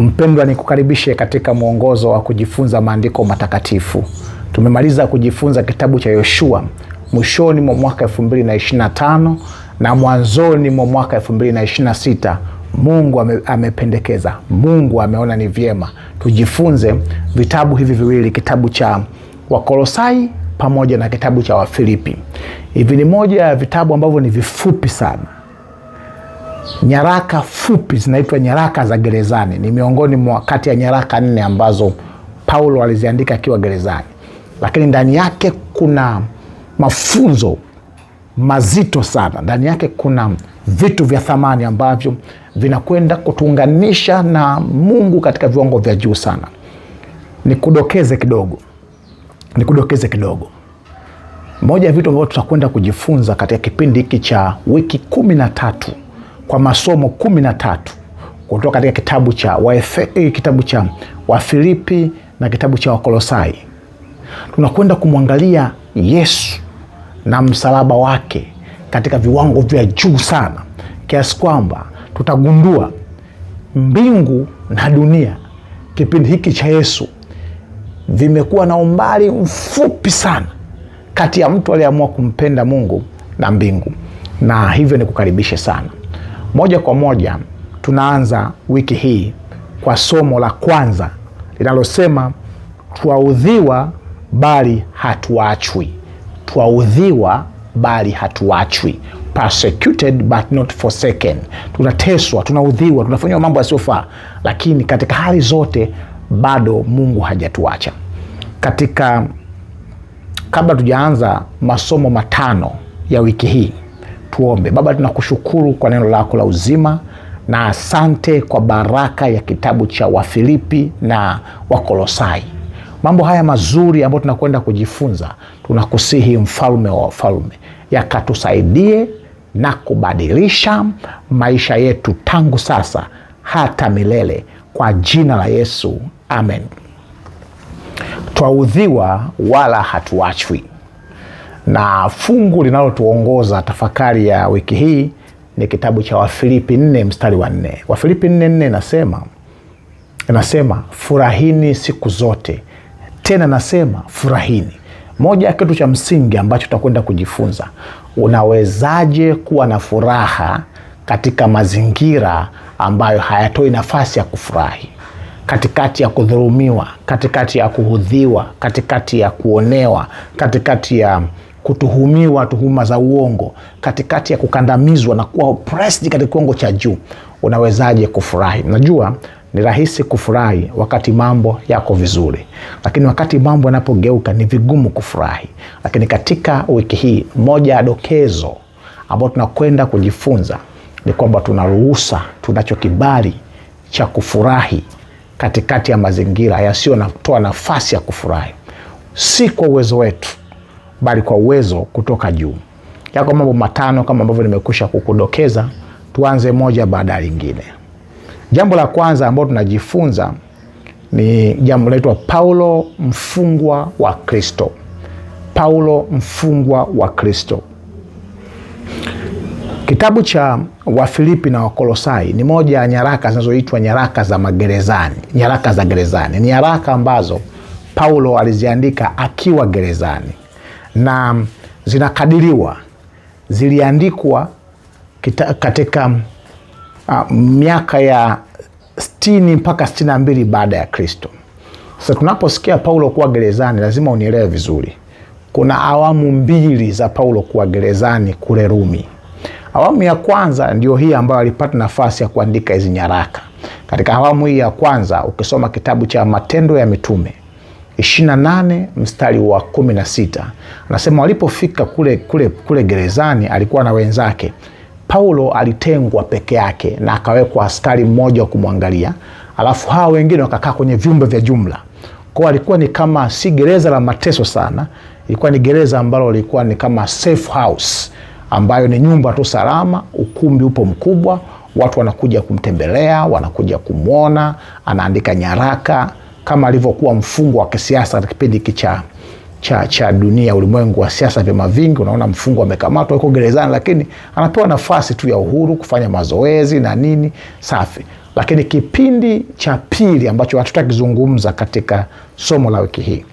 Mpendwa, nikukaribishe katika mwongozo wa kujifunza maandiko matakatifu. Tumemaliza kujifunza kitabu cha Yoshua mwishoni mwa mwaka 2025 na mwanzoni mwa mwaka 2026. Mungu ame, amependekeza, Mungu ameona ni vyema tujifunze vitabu hivi viwili, kitabu cha Wakolosai pamoja na kitabu cha Wafilipi. Hivi ni moja ya vitabu ambavyo ni vifupi sana Nyaraka fupi zinaitwa nyaraka za gerezani, ni miongoni mwa kati ya nyaraka nne ambazo Paulo aliziandika akiwa gerezani, lakini ndani yake kuna mafunzo mazito sana. Ndani yake kuna vitu vya thamani ambavyo vinakwenda kutuunganisha na Mungu katika viwango vya juu sana. Nikudokeze kidogo, nikudokeze kidogo. Moja ya vitu ambavyo tutakwenda kujifunza katika kipindi hiki cha wiki kumi na tatu kwa masomo kumi na tatu kutoka katika kitabu cha Waefe, eh, kitabu cha Wafilipi na kitabu cha Wakolosai. Tunakwenda kumwangalia Yesu na msalaba wake katika viwango vya juu sana kiasi kwamba tutagundua mbingu na dunia kipindi hiki cha Yesu vimekuwa na umbali mfupi sana kati ya mtu aliyeamua kumpenda Mungu na mbingu, na hivyo ni kukaribishe sana. Moja kwa moja tunaanza wiki hii kwa somo la kwanza linalosema twaudhiwa bali hatuachwi. Twaudhiwa bali hatuachwi, persecuted but not forsaken. Tunateswa, tunaudhiwa, tunafanyiwa mambo yasiyofaa, lakini katika hali zote bado Mungu hajatuacha. Katika kabla tujaanza masomo matano ya wiki hii Tuombe. Baba, tunakushukuru kwa neno lako la uzima na asante kwa baraka ya kitabu cha Wafilipi na Wakolosai. Mambo haya mazuri ambayo tunakwenda kujifunza, tunakusihi mfalme wa wafalme, yakatusaidie na kubadilisha maisha yetu tangu sasa hata milele, kwa jina la Yesu, amen. Twaudhiwa wala hatuachwi na fungu linalotuongoza tafakari ya wiki hii ni kitabu cha Wafilipi nne mstari wa nne. Wafilipi nne nne nasema nasema furahini siku zote, tena nasema furahini. Moja ya kitu cha msingi ambacho tutakwenda kujifunza, unawezaje kuwa na furaha katika mazingira ambayo hayatoi nafasi ya kufurahi, katikati ya kudhulumiwa, katikati ya kuhudhiwa, katikati ya kuonewa, katikati ya kutuhumiwa tuhuma za uongo, katikati ya kukandamizwa na kuwa oppressed katika kiwango cha juu, unawezaje kufurahi? Najua ni rahisi kufurahi wakati mambo yako vizuri, lakini wakati mambo yanapogeuka ni vigumu kufurahi. Lakini katika wiki hii, moja ya dokezo ambayo tunakwenda kujifunza ni kwamba tunaruhusa tunacho kibali cha kufurahi katikati ya mazingira yasiyo natoa nafasi ya kufurahi, si kwa uwezo wetu bali kwa uwezo kutoka juu. Yako mambo matano kama ambavyo nimekusha kukudokeza. Tuanze moja baada ya lingine. Jambo la kwanza ambalo tunajifunza ni jambo linaitwa Paulo mfungwa wa Kristo. Paulo mfungwa wa Kristo. Kitabu cha Wafilipi na Wakolosai ni moja ya nyaraka zinazoitwa nyaraka za magerezani, nyaraka za gerezani. Ni nyaraka ambazo Paulo aliziandika akiwa gerezani na zinakadiriwa ziliandikwa kita, katika uh, miaka ya sitini mpaka sitini na mbili baada ya Kristo. Sasa tunaposikia Paulo kuwa gerezani, lazima unielewe vizuri. Kuna awamu mbili za Paulo kuwa gerezani kule Rumi. Awamu ya kwanza ndio hii ambayo alipata nafasi ya kuandika hizi nyaraka. Katika awamu hii ya kwanza, ukisoma kitabu cha Matendo ya Mitume 28 mstari wa 16 anasema, walipofika kule, kule, kule gerezani alikuwa na wenzake. Paulo alitengwa peke yake na akawekwa askari mmoja wa kumwangalia, alafu hawa wengine wakakaa kwenye vyumba vya jumla. Kwao alikuwa ni kama si gereza la mateso sana, ilikuwa ni gereza ambalo lilikuwa ni kama safe house, ambayo ni nyumba tu salama. Ukumbi upo mkubwa, watu wanakuja kumtembelea, wanakuja kumwona, anaandika nyaraka kama alivyokuwa mfungwa wa kisiasa katika kipindi hiki cha cha, cha dunia, ulimwengu wa siasa, vyama vingi. Unaona, mfungwa amekamatwa, yuko gerezani, lakini anapewa nafasi tu ya uhuru kufanya mazoezi na nini, safi. Lakini kipindi cha pili ambacho hatutakizungumza katika somo la wiki hii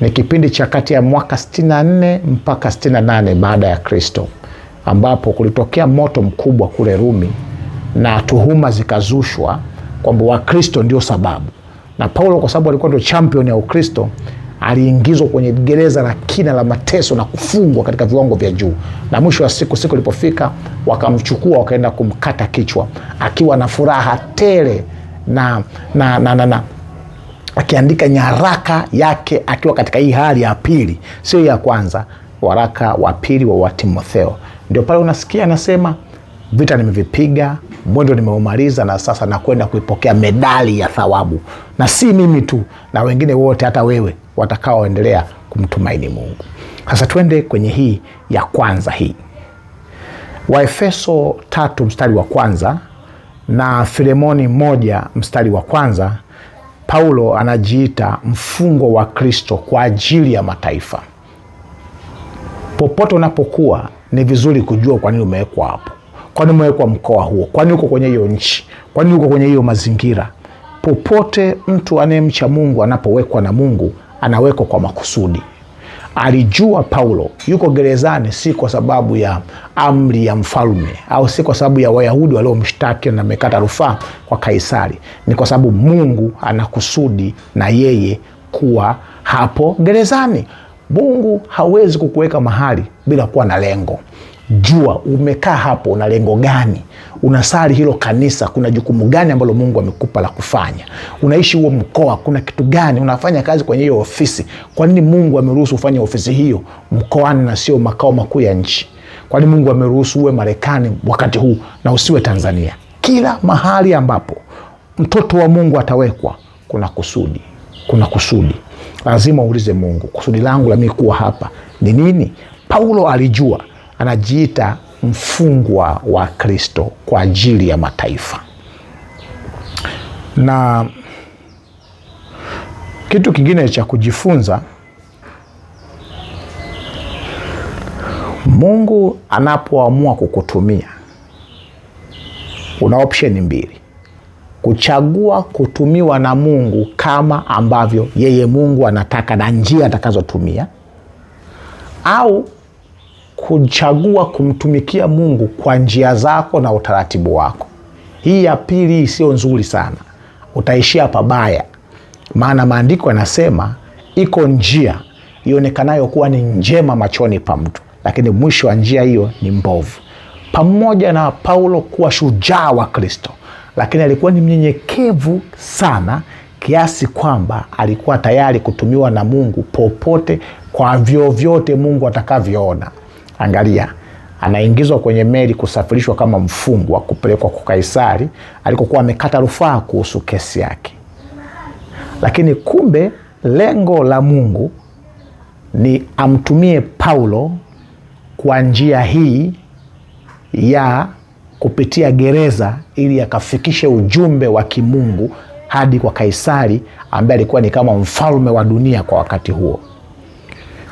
ni kipindi cha kati ya mwaka 64 mpaka 68 baada ya Kristo, ambapo kulitokea moto mkubwa kule Rumi na tuhuma zikazushwa kwamba Wakristo ndio sababu na Paulo kwa sababu alikuwa ndio champion ya Ukristo aliingizwa kwenye gereza la kina la mateso na kufungwa katika viwango vya juu, na mwisho wa siku, siku ilipofika wakamchukua wakaenda kumkata kichwa akiwa na furaha tele na, na, na, na, na akiandika nyaraka yake akiwa katika hii hali ya pili, sio ya kwanza. Waraka wa pili wa Timotheo, ndio pale unasikia anasema vita nimevipiga, mwendo nimeumaliza, na sasa nakwenda kuipokea medali ya thawabu, na si mimi tu, na wengine wote, hata wewe, watakaoendelea kumtumaini Mungu. Sasa twende kwenye hii ya kwanza hii, Waefeso tatu mstari wa kwanza na Filemoni moja mstari wa kwanza. Paulo anajiita mfungo wa Kristo kwa ajili ya mataifa. Popote unapokuwa, ni vizuri kujua kwa nini umewekwa hapo. Kwani umewekwa mkoa huo? Kwani uko kwenye hiyo nchi? Kwani uko kwenye hiyo mazingira? Popote mtu anayemcha Mungu anapowekwa na Mungu anawekwa kwa makusudi. Alijua Paulo yuko gerezani si kwa sababu ya amri ya mfalme au si kwa sababu ya Wayahudi waliomshtaki na amekata rufaa kwa Kaisari. Ni kwa sababu Mungu anakusudi na yeye kuwa hapo gerezani. Mungu hawezi kukuweka mahali bila kuwa na lengo jua umekaa hapo una lengo gani? Unasali hilo kanisa, kuna jukumu gani ambalo Mungu amekupa la kufanya? Unaishi huo mkoa, kuna kitu gani? Unafanya kazi kwenye hiyo ofisi, kwa nini Mungu ameruhusu ufanye ofisi hiyo mkoani na sio makao makuu ya nchi? Kwa nini Mungu ameruhusu uwe Marekani wakati huu na usiwe Tanzania? Kila mahali ambapo mtoto wa Mungu atawekwa kuna kusudi, kuna kusudi. Lazima uulize Mungu, kusudi langu la mii kuwa hapa ni nini? Paulo alijua anajiita mfungwa wa Kristo kwa ajili ya mataifa. Na kitu kingine cha kujifunza, Mungu anapoamua kukutumia una opsheni mbili: kuchagua kutumiwa na Mungu kama ambavyo yeye Mungu anataka na njia atakazotumia au kuchagua kumtumikia Mungu kwa njia zako na utaratibu wako. Hii ya pili sio nzuri sana, utaishia pabaya, maana maandiko yanasema iko njia ionekanayo kuwa ni njema machoni pa mtu, lakini mwisho wa njia hiyo ni mbovu. Pamoja na Paulo kuwa shujaa wa Kristo, lakini alikuwa ni mnyenyekevu sana kiasi kwamba alikuwa tayari kutumiwa na Mungu popote kwa vyovyote Mungu atakavyoona. Angalia, anaingizwa kwenye meli kusafirishwa kama mfungwa kupelekwa kwa Kaisari alikokuwa amekata rufaa kuhusu kesi yake, lakini kumbe lengo la Mungu ni amtumie Paulo kwa njia hii ya kupitia gereza ili akafikishe ujumbe wa kimungu hadi kwa Kaisari ambaye alikuwa ni kama mfalme wa dunia kwa wakati huo.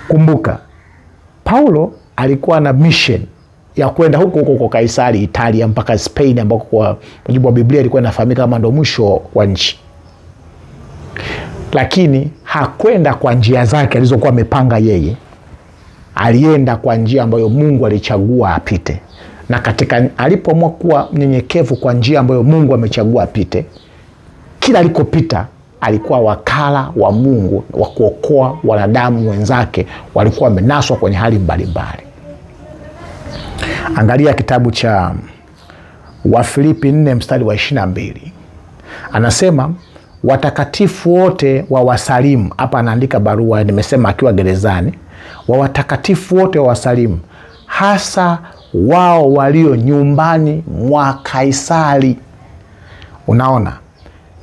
Kumbuka Paulo alikuwa na mission ya kwenda huko huko kwa Kaisari Italia mpaka Spain, ambako kwa mujibu wa Biblia ilikuwa inafahamika kama ndo mwisho wa nchi, lakini hakwenda kwa njia zake alizokuwa amepanga yeye. Alienda kwa njia ambayo Mungu alichagua apite, na katika alipoamua kuwa mnyenyekevu kwa njia ambayo Mungu amechagua apite, kila alikopita alikuwa wakala wa Mungu wa kuokoa wanadamu wenzake walikuwa wamenaswa kwenye hali mbalimbali mbali. Angalia kitabu cha Wafilipi 4 mstari wa 22, anasema watakatifu wote wa wasalimu. Hapa anaandika barua, nimesema akiwa gerezani, wa watakatifu wote wa wasalimu, hasa wao walio nyumbani mwa Kaisari. Unaona,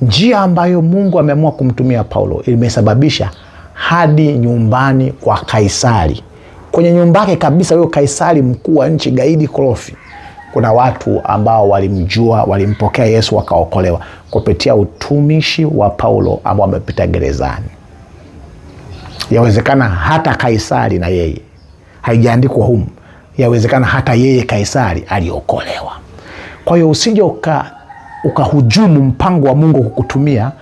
njia ambayo Mungu ameamua kumtumia Paulo imesababisha hadi nyumbani kwa Kaisari kwenye nyumba yake kabisa, huyo Kaisari mkuu wa nchi, gaidi korofi, kuna watu ambao walimjua, walimpokea Yesu wakaokolewa kupitia utumishi wa Paulo ambao amepita gerezani. Yawezekana hata Kaisari na yeye, haijaandikwa humu, yawezekana hata yeye Kaisari aliokolewa. Kwa hiyo usije ukahujumu mpango wa Mungu kukutumia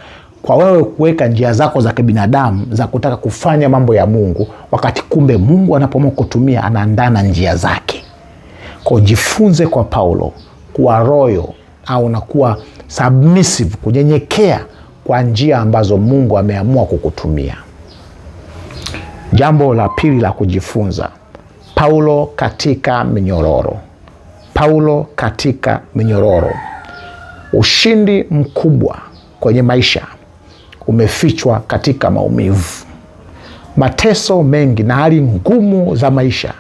kwa wewe kuweka njia zako za kibinadamu za kutaka kufanya mambo ya Mungu, wakati kumbe Mungu anapoamua kutumia anaandana njia zake. Kwa jifunze kwa Paulo kuwa royo au na kuwa submissive, kunyenyekea kwa njia ambazo Mungu ameamua kukutumia. Jambo la pili la kujifunza, Paulo katika minyororo. Paulo katika minyororo, ushindi mkubwa kwenye maisha umefichwa katika maumivu. Mateso mengi na hali ngumu za maisha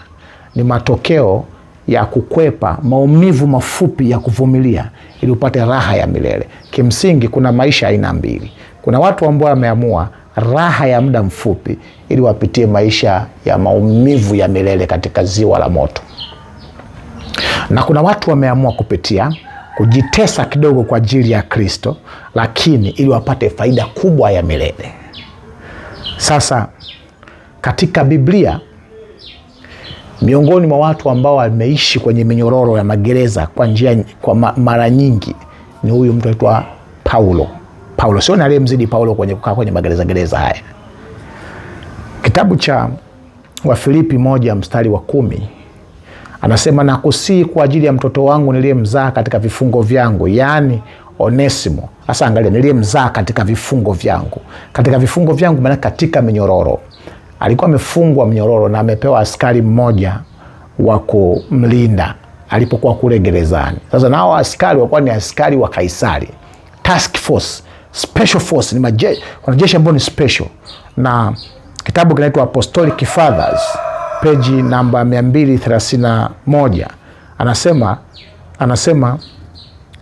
ni matokeo ya kukwepa maumivu mafupi ya kuvumilia ili upate raha ya milele. Kimsingi, kuna maisha aina mbili. Kuna watu ambao wameamua raha ya muda mfupi ili wapitie maisha ya maumivu ya milele katika ziwa la moto, na kuna watu wameamua kupitia kujitesa kidogo kwa ajili ya Kristo, lakini ili wapate faida kubwa ya milele. Sasa katika Biblia, miongoni mwa watu ambao wameishi kwenye minyororo ya magereza kwa njia kwa mara nyingi ni huyu mtu aitwa Paulo. Paulo sio ni aliyemzidi Paulo kwenye kukaa kwenye magereza gereza haya. Kitabu cha Wafilipi moja mstari wa kumi Anasema nakusii kwa ajili ya mtoto wangu niliyemzaa katika vifungo vyangu, yaani Onesimo. hasa angalia, niliyemzaa katika vifungo vyangu. Katika vifungo vyangu maana katika minyororo. Alikuwa amefungwa mnyororo na amepewa askari mmoja wa kumlinda alipokuwa kule gerezani. Sasa nao askari wakuwa ni askari wa Kaisari, task force, special force, ni majeshi, kuna jeshi ni special, na kitabu kinaitwa Apostolic Fathers peji namba 231 anasema anasema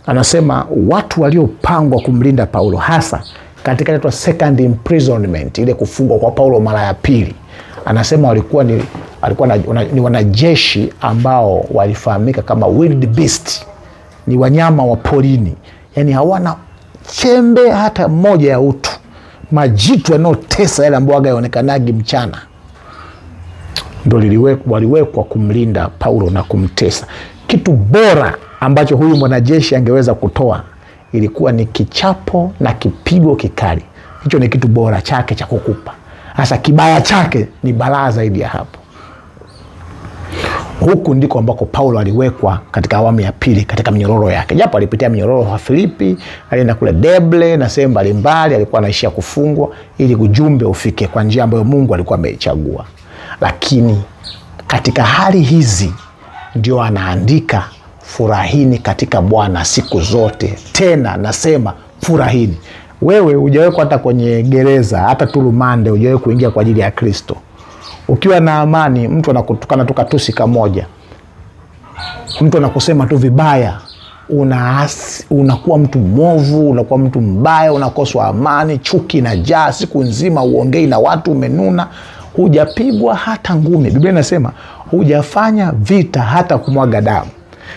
anasema watu waliopangwa kumlinda Paulo hasa katika inaitwa second imprisonment, ile kufungwa kwa Paulo mara ya pili, anasema walikuwa ni, alikuwa na, una, ni wanajeshi ambao walifahamika kama wild beast, ni wanyama wa porini, yani hawana chembe hata moja ya utu, majitu yanayotesa yale ambao aga yaonekanagi mchana ndo waliwekwa kumlinda Paulo na kumtesa. Kitu bora ambacho huyu mwanajeshi angeweza kutoa ilikuwa ni kichapo na kipigo kikali. Hicho ni kitu bora chake cha kukupa. Hasa kibaya chake ni balaa zaidi ya hapo. Huku ndiko ambako Paulo aliwekwa katika awamu ya pili katika minyororo yake, japo alipitia minyororo wa Filipi, alienda kule Deble na sehemu mbalimbali, alikuwa anaishia kufungwa ili ujumbe ufike kwa njia ambayo Mungu alikuwa ameichagua. Lakini katika hali hizi ndio anaandika furahini katika Bwana siku zote. Tena nasema furahini. Wewe hujawekwa hata kwenye gereza, hata tulumande, hujawe kuingia kwa ajili ya Kristo. Ukiwa na amani, mtu anakutukana tu katusi kamoja, mtu anakusema tu vibaya, unaasi, unakuwa mtu mwovu, unakuwa mtu mbaya, unakoswa amani, chuki na jaa siku nzima, uongei na watu, umenuna hujapigwa hata ngumi. Biblia inasema hujafanya vita hata kumwaga damu,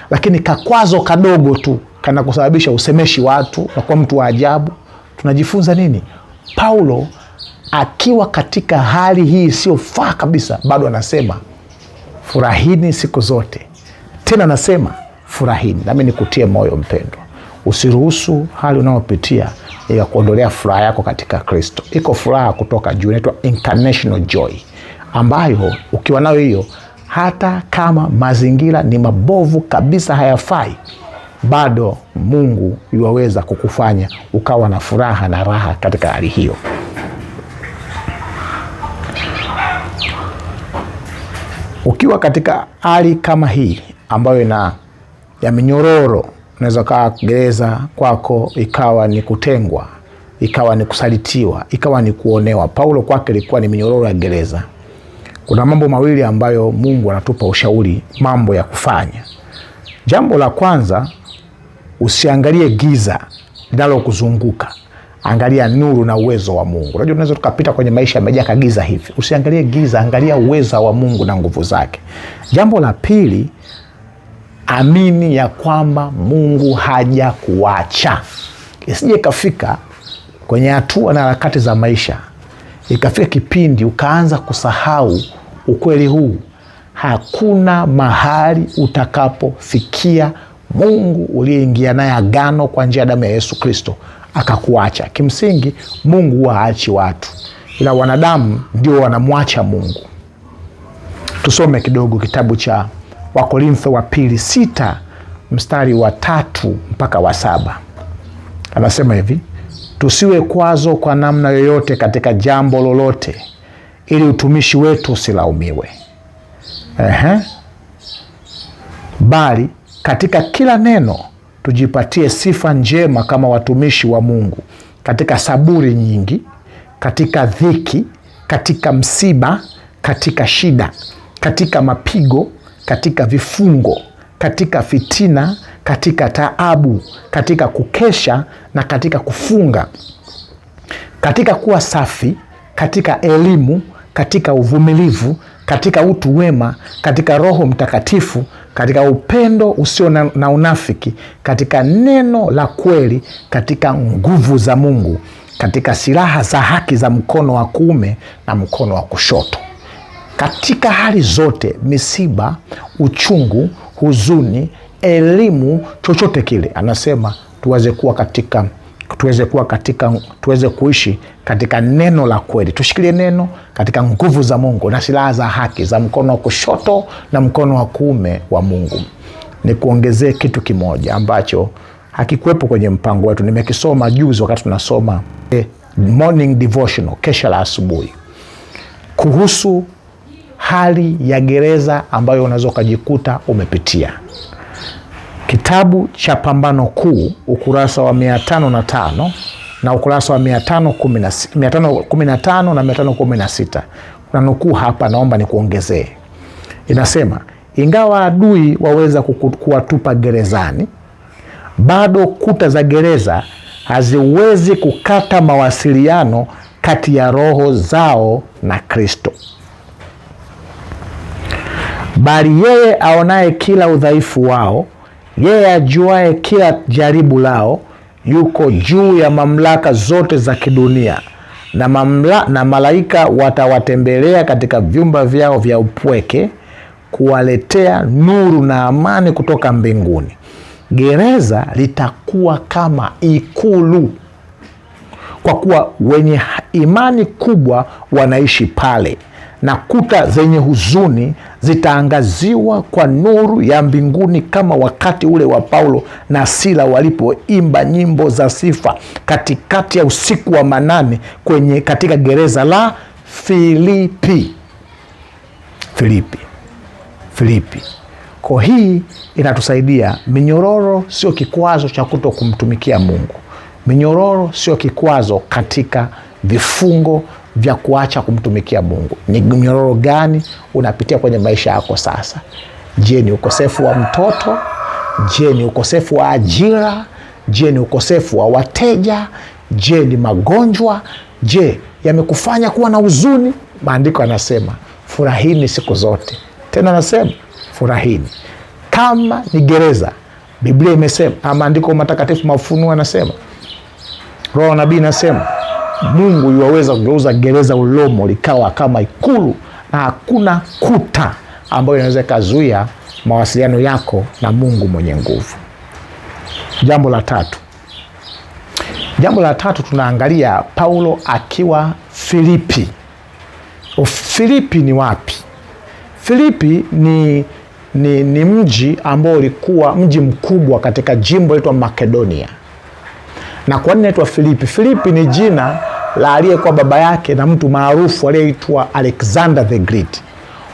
lakini kakwazo kadogo tu kana kusababisha usemeshi watu na kuwa mtu wa ajabu. Tunajifunza nini? Paulo akiwa katika hali hii isiyofaa kabisa, bado anasema furahini siku zote, tena anasema furahini. Nami nikutie moyo mpendwa. Usiruhusu hali unayopitia ikakuondolea furaha yako katika Kristo. Iko furaha kutoka juu, inaitwa incarnational joy, ambayo ukiwa nayo hiyo, hata kama mazingira ni mabovu kabisa, hayafai bado Mungu yuwaweza kukufanya ukawa na furaha na raha katika hali hiyo. Ukiwa katika hali kama hii ambayo ina ya minyororo Unaweza kaa gereza kwako ikawa ni kutengwa, ikawa ni kusalitiwa, ikawa ni kuonewa. Paulo kwake ilikuwa ni minyororo ya gereza. Kuna mambo mawili ambayo Mungu anatupa ushauri, mambo ya kufanya. Jambo la kwanza, usiangalie giza linalokuzunguka angalia nuru na uwezo wa Mungu. Unajua, unaweza tukapita kwenye maisha yamejaa kagiza hivi. Usiangalie giza, angalia uweza wa Mungu na nguvu zake. Jambo la pili, amini ya kwamba Mungu haja kuacha Isije ikafika kwenye hatua na harakati za maisha, ikafika kipindi ukaanza kusahau ukweli huu. Hakuna mahali utakapofikia Mungu uliyeingia naye agano kwa njia ya damu ya Yesu Kristo akakuacha. Kimsingi, Mungu huwa haachi watu, ila wanadamu ndio wanamwacha Mungu. Tusome kidogo kitabu cha Wakorintho wa pili sita mstari wa tatu mpaka wa saba anasema hivi: tusiwe kwazo kwa namna yoyote katika jambo lolote, ili utumishi wetu usilaumiwe. Ehe, bali katika kila neno tujipatie sifa njema kama watumishi wa Mungu, katika saburi nyingi, katika dhiki, katika msiba, katika shida, katika mapigo katika vifungo, katika fitina, katika taabu, katika kukesha na katika kufunga, katika kuwa safi, katika elimu, katika uvumilivu, katika utu wema, katika Roho Mtakatifu, katika upendo usio na, na unafiki, katika neno la kweli, katika nguvu za Mungu, katika silaha za haki za mkono wa kuume na mkono wa kushoto. Katika hali zote, misiba, uchungu, huzuni, elimu, chochote kile, anasema tuweze kuwa katika tuweze kuwa katika tuweze kuishi katika neno la kweli, tushikilie neno katika nguvu za Mungu na silaha za haki za mkono wa kushoto na mkono wa kuume wa Mungu. Nikuongezee kitu kimoja ambacho hakikuwepo kwenye mpango wetu, nimekisoma juzi wakati tunasoma eh, morning devotional, kesha la asubuhi, kuhusu hali ya gereza ambayo unaweza ukajikuta umepitia. Kitabu cha Pambano Kuu ukurasa wa 55 na ukurasa wa 515 na 516 na nukuu hapa, naomba nikuongezee, inasema ingawa adui waweza kuwatupa gerezani, bado kuta za gereza haziwezi kukata mawasiliano kati ya roho zao na Kristo bali yeye aonaye kila udhaifu wao, yeye ajuaye kila jaribu lao, yuko juu ya mamlaka zote za kidunia na, mamla, na malaika watawatembelea katika vyumba vyao vya upweke kuwaletea nuru na amani kutoka mbinguni. Gereza litakuwa kama ikulu, kwa kuwa wenye imani kubwa wanaishi pale na kuta zenye huzuni zitaangaziwa kwa nuru ya mbinguni, kama wakati ule wa Paulo na Sila walipoimba nyimbo za sifa katikati ya usiku wa manane kwenye katika gereza la Filipi. Filipi, Filipi. Kwa hii inatusaidia, minyororo sio kikwazo cha kuto kumtumikia Mungu. Minyororo sio kikwazo katika vifungo vya kuacha kumtumikia Mungu? Ni mnyororo gani unapitia kwenye maisha yako sasa? Je, ni ukosefu wa mtoto? Je, ni ukosefu wa ajira? Je, ni ukosefu wa wateja? Je, ni magonjwa? Je, yamekufanya kuwa na huzuni? Maandiko anasema furahini siku zote, tena anasema furahini. Kama ni gereza, Biblia imesema, maandiko matakatifu mafunuo anasema, roho nabii anasema Mungu yuwaweza kugeuza gereza Ulomo likawa kama ikulu, na hakuna kuta ambayo inaweza ikazuia mawasiliano yako na Mungu mwenye nguvu. Jambo la tatu, jambo la tatu tunaangalia Paulo akiwa Filipi. Filipi ni wapi? Filipi ni, ni, ni mji ambao ulikuwa mji mkubwa katika jimbo linaitwa Makedonia. Na kwa nini naitwa Filipi? Filipi ni jina la aliyekuwa baba yake na mtu maarufu aliyeitwa Alexander the Great.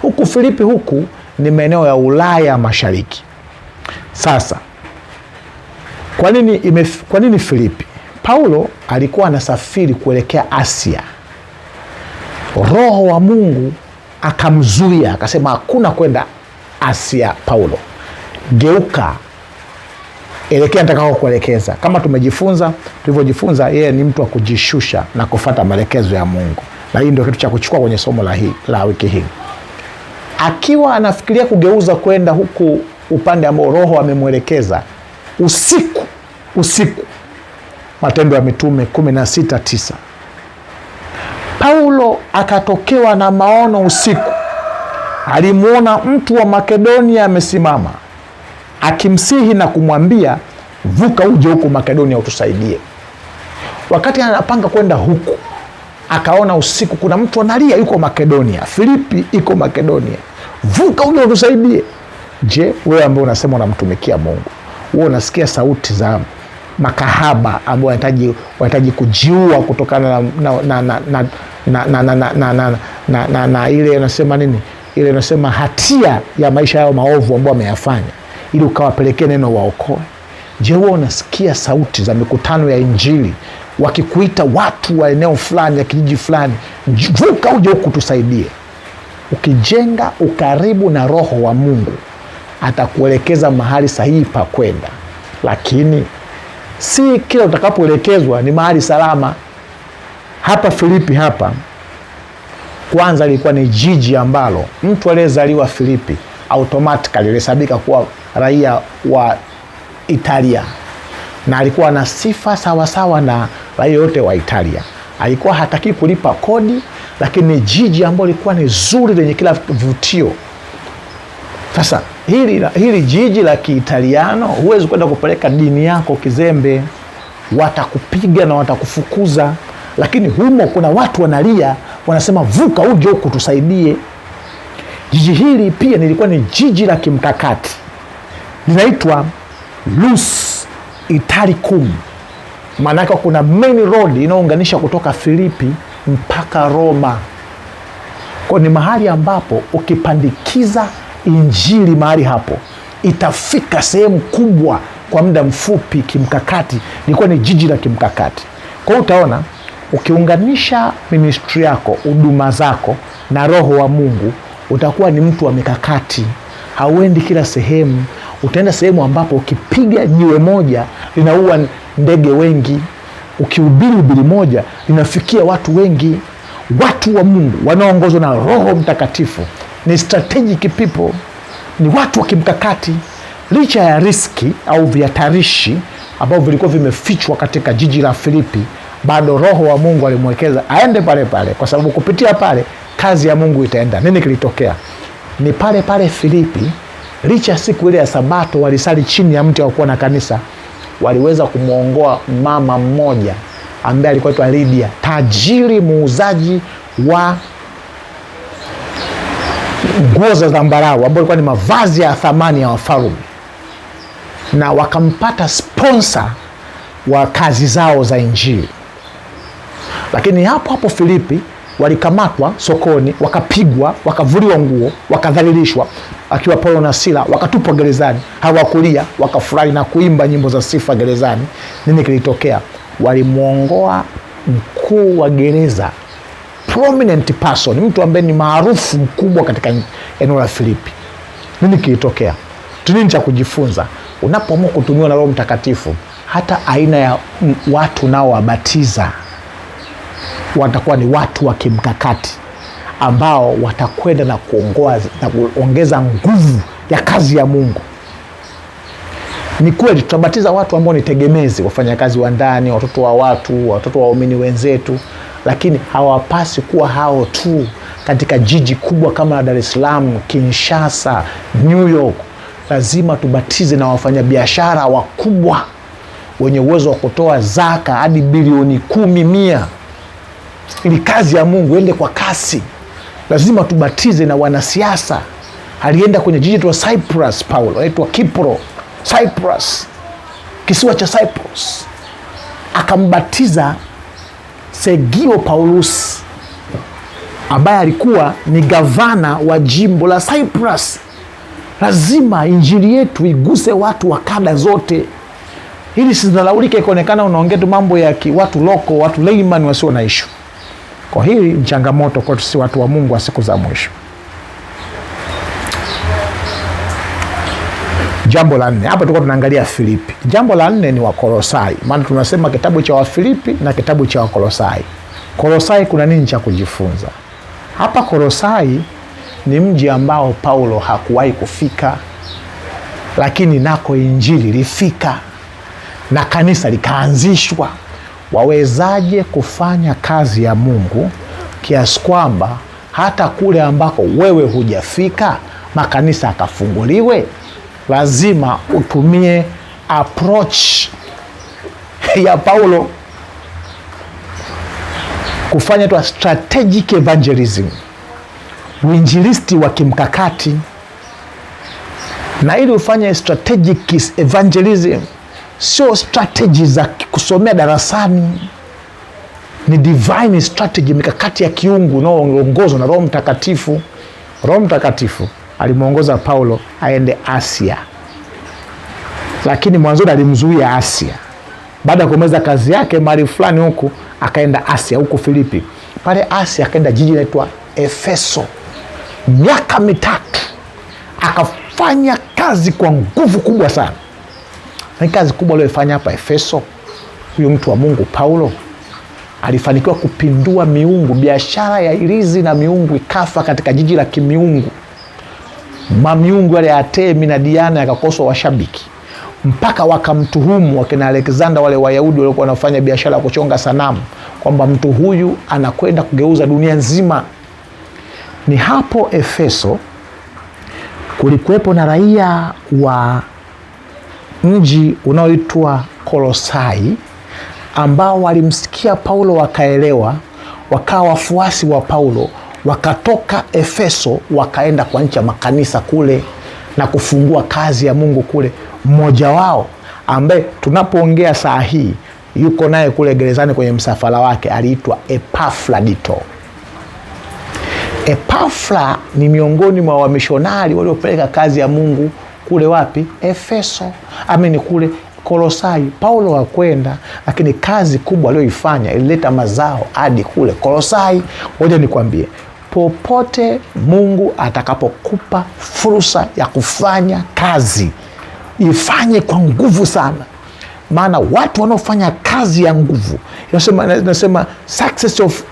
Huku Filipi huku ni maeneo ya Ulaya Mashariki. Sasa kwa nini ime, kwa nini Filipi? Paulo alikuwa anasafiri kuelekea Asia. Roho wa Mungu akamzuia akasema, hakuna kwenda Asia Paulo, geuka elekea nitakao kuelekeza. Kama tumejifunza tulivyojifunza, yeye ni mtu wa kujishusha na kufata maelekezo ya Mungu, na hii ndio kitu cha kuchukua kwenye somo la, hii, la wiki hii. Akiwa anafikiria kugeuza kwenda huku upande ambao Roho amemwelekeza usiku usiku, Matendo ya Mitume 16:9 Paulo akatokewa na maono usiku, alimwona mtu wa Makedonia amesimama akimsihi na kumwambia vuka uje huku Makedonia utusaidie. Wakati anapanga kwenda huku, akaona usiku kuna mtu analia, yuko Makedonia, Filipi iko Makedonia, vuka uje utusaidie. Je, wewe ambaye unasema unamtumikia Mungu, wewe unasikia sauti za makahaba ambao wanahitaji wanahitaji kujiua kutokana na ile nasema nini, ile nasema hatia ya maisha yao maovu ambao ameyafanya ili ukawapelekee neno waokoe. Je, huwa unasikia sauti za mikutano ya Injili wakikuita watu wa eneo fulani ya kijiji fulani, vuka uje huku tusaidie? Ukijenga ukaribu na Roho wa Mungu atakuelekeza mahali sahihi pa kwenda, lakini si kila utakapoelekezwa ni mahali salama. Hapa Filipi hapa kwanza ilikuwa ni jiji ambalo mtu aliyezaliwa Filipi automatically alihesabika kuwa raia wa Italia na alikuwa na sifa sawasawa sawa na raia yote wa Italia. Alikuwa hataki kulipa kodi, lakini jiji ambalo lilikuwa ni zuri lenye kila vutio Sasa hili, hili jiji la Kiitaliano huwezi kwenda kupeleka dini yako kizembe, watakupiga na watakufukuza. Lakini humo kuna watu wanalia, wanasema vuka uje huku tusaidie. Jiji hili pia nilikuwa ni jiji la kimkakati linaitwa Lus Italicum, maanake kuna main road inayounganisha kutoka Filipi mpaka Roma. Kwa ni mahali ambapo ukipandikiza injili mahali hapo itafika sehemu kubwa kwa muda mfupi. Kimkakati ilikuwa ni jiji la kimkakati. Kwa hiyo utaona ukiunganisha ministri yako, huduma zako na roho wa Mungu utakuwa ni mtu wa mikakati, hauendi kila sehemu. Utaenda sehemu ambapo ukipiga jiwe moja linaua ndege wengi, ukihubiri hubiri moja linafikia watu wengi. Watu wa Mungu wanaoongozwa na Roho Mtakatifu ni strategic people, ni watu wa kimkakati. Licha ya riski au vihatarishi ambavyo vilikuwa vimefichwa katika jiji la Filipi, bado Roho wa Mungu alimwekeza aende pale pale, kwa sababu kupitia pale kazi ya Mungu itaenda. Nini kilitokea? Ni pale pale Filipi, licha siku ile ya Sabato walisali chini ya mti, kuwa na kanisa, waliweza kumwongoa mama mmoja ambaye alikuwa aitwa Lidia, tajiri muuzaji wa nguo za zambarau, ambao ilikuwa ni mavazi ya thamani ya wafalme, na wakampata sponsa wa kazi zao za Injili. Lakini hapo hapo Filipi walikamatwa sokoni, wakapigwa, wakavuliwa nguo, wakadhalilishwa, akiwa Paulo na Sila, wakatupwa gerezani. Hawakulia, wakafurahi na kuimba nyimbo za sifa gerezani. Nini kilitokea? Walimwongoa mkuu wa gereza, prominent person, mtu ambaye ni maarufu mkubwa katika eneo la Filipi. Nini kilitokea? Tunini cha kujifunza? Unapoamua kutumiwa na Roho Mtakatifu, hata aina ya watu nao wabatiza watakuwa ni watu wa kimkakati ambao watakwenda na kuongoa na kuongeza nguvu ya kazi ya Mungu. Ni kweli tutabatiza watu ambao ni tegemezi, wafanyakazi wa ndani, watoto wa watu, watoto wa waumini wenzetu, lakini hawapasi kuwa hao tu katika jiji kubwa kama Dar es Salaam, Kinshasa, New York. Lazima tubatize na wafanyabiashara wakubwa wenye uwezo wa kutoa zaka hadi bilioni kumi mia ili kazi ya Mungu ende kwa kasi, lazima tubatize na wanasiasa. Alienda kwenye jiji la Cyprus, Paulo anaitwa Kipro, Cyprus, kisiwa cha Cyprus, akambatiza Sergio Paulus ambaye alikuwa ni gavana wa jimbo la Cyprus. Lazima injili yetu iguse watu wa kada zote, ili sizalaulike ikaonekana unaongea tu mambo ya ki, watu loko, watu layman wasio na issue kwa hii ni changamoto kwetu si watu wa Mungu wa siku za mwisho. Jambo la nne hapa tulikuwa tunaangalia Filipi. Jambo la nne ni Wakolosai, maana tunasema kitabu cha Wafilipi na kitabu cha Wakolosai. Kolosai kuna nini cha kujifunza hapa? Kolosai ni mji ambao Paulo hakuwahi kufika, lakini nako injili lifika na kanisa likaanzishwa wawezaje kufanya kazi ya Mungu kiasi kwamba hata kule ambako wewe hujafika makanisa akafunguliwe? Lazima utumie approach ya Paulo kufanya tu strategic evangelism, uinjilisti wa kimkakati. Na ili ufanye strategic evangelism sio strategy za kusomea darasani, ni divine strategy, mikakati ya kiungu unaoongozwa na Roho Mtakatifu. Roho Mtakatifu alimwongoza Paulo aende Asia, lakini mwanzoni alimzuia Asia. Baada ya kumaliza kazi yake mahali fulani huku, akaenda Asia, huku Filipi. Pale Asia akaenda jiji naitwa Efeso, miaka mitatu akafanya kazi kwa nguvu kubwa sana ni kazi kubwa aliyoifanya hapa Efeso, huyu mtu wa Mungu Paulo alifanikiwa kupindua miungu, biashara ya ilizi na miungu ikafa katika jiji la kimiungu. Mamiungu yale Atemi na Diana yakakoswa washabiki mpaka wakamtuhumu wakina Alexander wale Wayahudi waliokuwa wanafanya biashara ya kuchonga sanamu kwamba mtu huyu anakwenda kugeuza dunia nzima. Ni hapo Efeso kulikuwepo na raia wa mji unaoitwa Kolosai ambao walimsikia Paulo wakaelewa, wakawa wafuasi wa Paulo, wakatoka Efeso wakaenda kwa nchi ya makanisa kule na kufungua kazi ya Mungu kule. Mmoja wao ambaye tunapoongea saa hii yuko naye kule gerezani kwenye msafara wake aliitwa Epafradito. Epafra ni miongoni mwa wamishonari waliopeleka kazi ya Mungu kule wapi? Efeso, amini kule Kolosai. Paulo wakwenda lakini kazi kubwa aliyoifanya ilileta mazao hadi kule Kolosai. Ngoja nikwambie, popote Mungu atakapokupa fursa ya kufanya kazi, ifanye kwa nguvu sana, maana watu wanaofanya kazi ya nguvu, nasema success of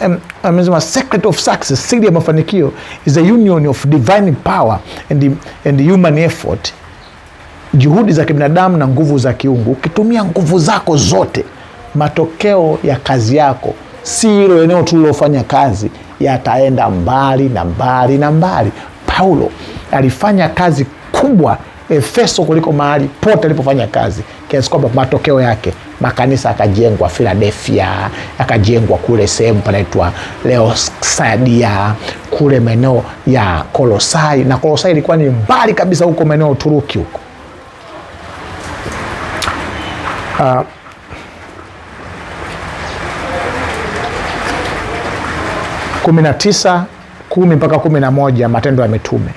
um, secret of success, siri ya mafanikio is a union of divine power and, and human effort juhudi za kibinadamu na nguvu za kiungu, ukitumia nguvu zako zote, matokeo ya kazi yako, si hilo eneo lilofanya kazi, yataenda mbali na mbali na mbali. Paulo alifanya kazi kubwa Efeso kuliko mahali pote alipofanya kazi, kiasi kwamba matokeo yake makanisa akajengwa Filadelfia, akajengwa kule sehemu panaitwa Leosadia, kule maeneo ya Kolosai, na Kolosai ilikuwa ni mbali kabisa huko maeneo ya Uturuki huko. Uh, kumi na tisa kumi mpaka kumi na moja Matendo ya Mitume.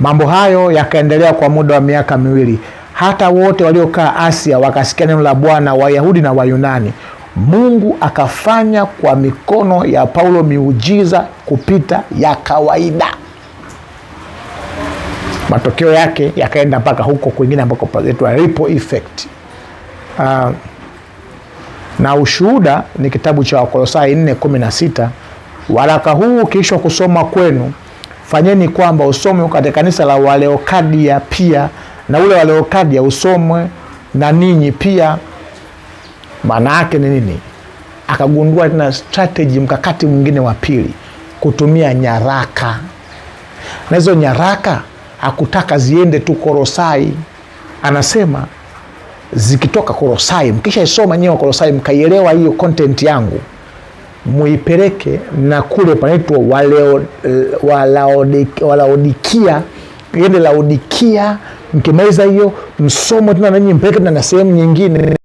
Mambo hayo yakaendelea kwa muda wa miaka miwili, hata wote waliokaa Asia wakasikia neno la Bwana, Wayahudi na Wayunani. Mungu akafanya kwa mikono ya Paulo miujiza kupita ya kawaida. Matokeo yake yakaenda mpaka huko kwingine ambako paliitwa ripple effect uh, na ushuhuda ni kitabu cha Wakolosai 4:16. Waraka huu ukiishwa kusoma kwenu, fanyeni kwamba usomwe katika kanisa la Waleokadia pia, na ule Waleokadia usomwe na ninyi pia. Maana yake ni nini? Akagundua tena strategy, mkakati mwingine wa pili, kutumia nyaraka, na hizo nyaraka hakutaka ziende tu Kolosai, anasema zikitoka Kolosai, mkishaisoma nyewe Kolosai mkaielewa hiyo content yangu, muipeleke na kule panaitwa Walaodikia, ende Laodikia. Mkimaliza hiyo msomo tena, nanyi mpeleke tena na sehemu nyingine